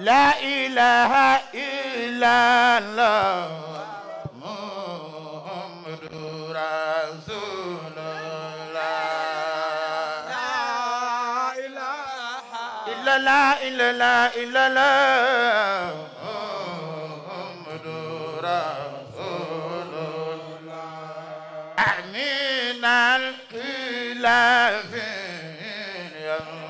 لا إله إلا الله محمد رسول الله لا إله إلا الله إلا الله إلا الله محمد رسول الله أمين الإله يوم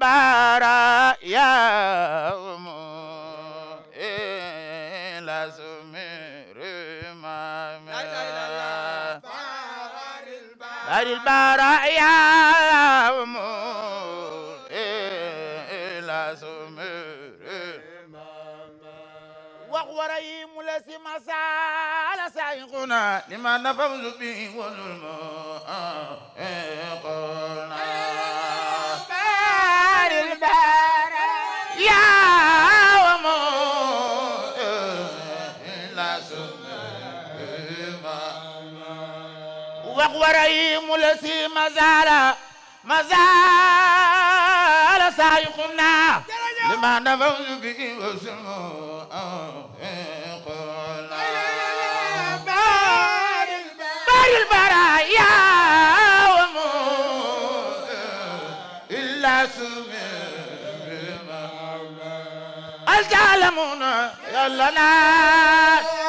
bara ya umu ila sumiri mami baril bara ya umu ila sumiri mami wax waray mu la si masala sayiquna lima nafawzu bi wa zulmu eh, eh, wax waray mu la si mazala mazala saa yu xum naa li ma na faw yu bi wasumu anfiquna baril baraya wa mu illa sumi bima al taalamuna yalla naa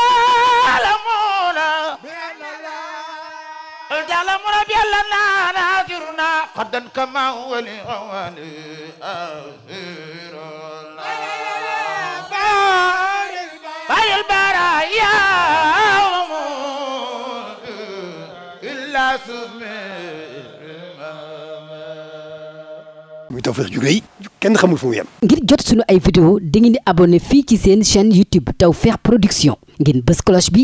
يعلم ربي لنا ناجرنا قدا كما هو لأولي آخر باي البرايا إلا سمي muy Tawfekh ju rëy kenn xamul fu ngir jot sunu ay vidéo dangeen di abonné fii ci seen chaîne YouTube Tawfekh Production ngeen bës bi.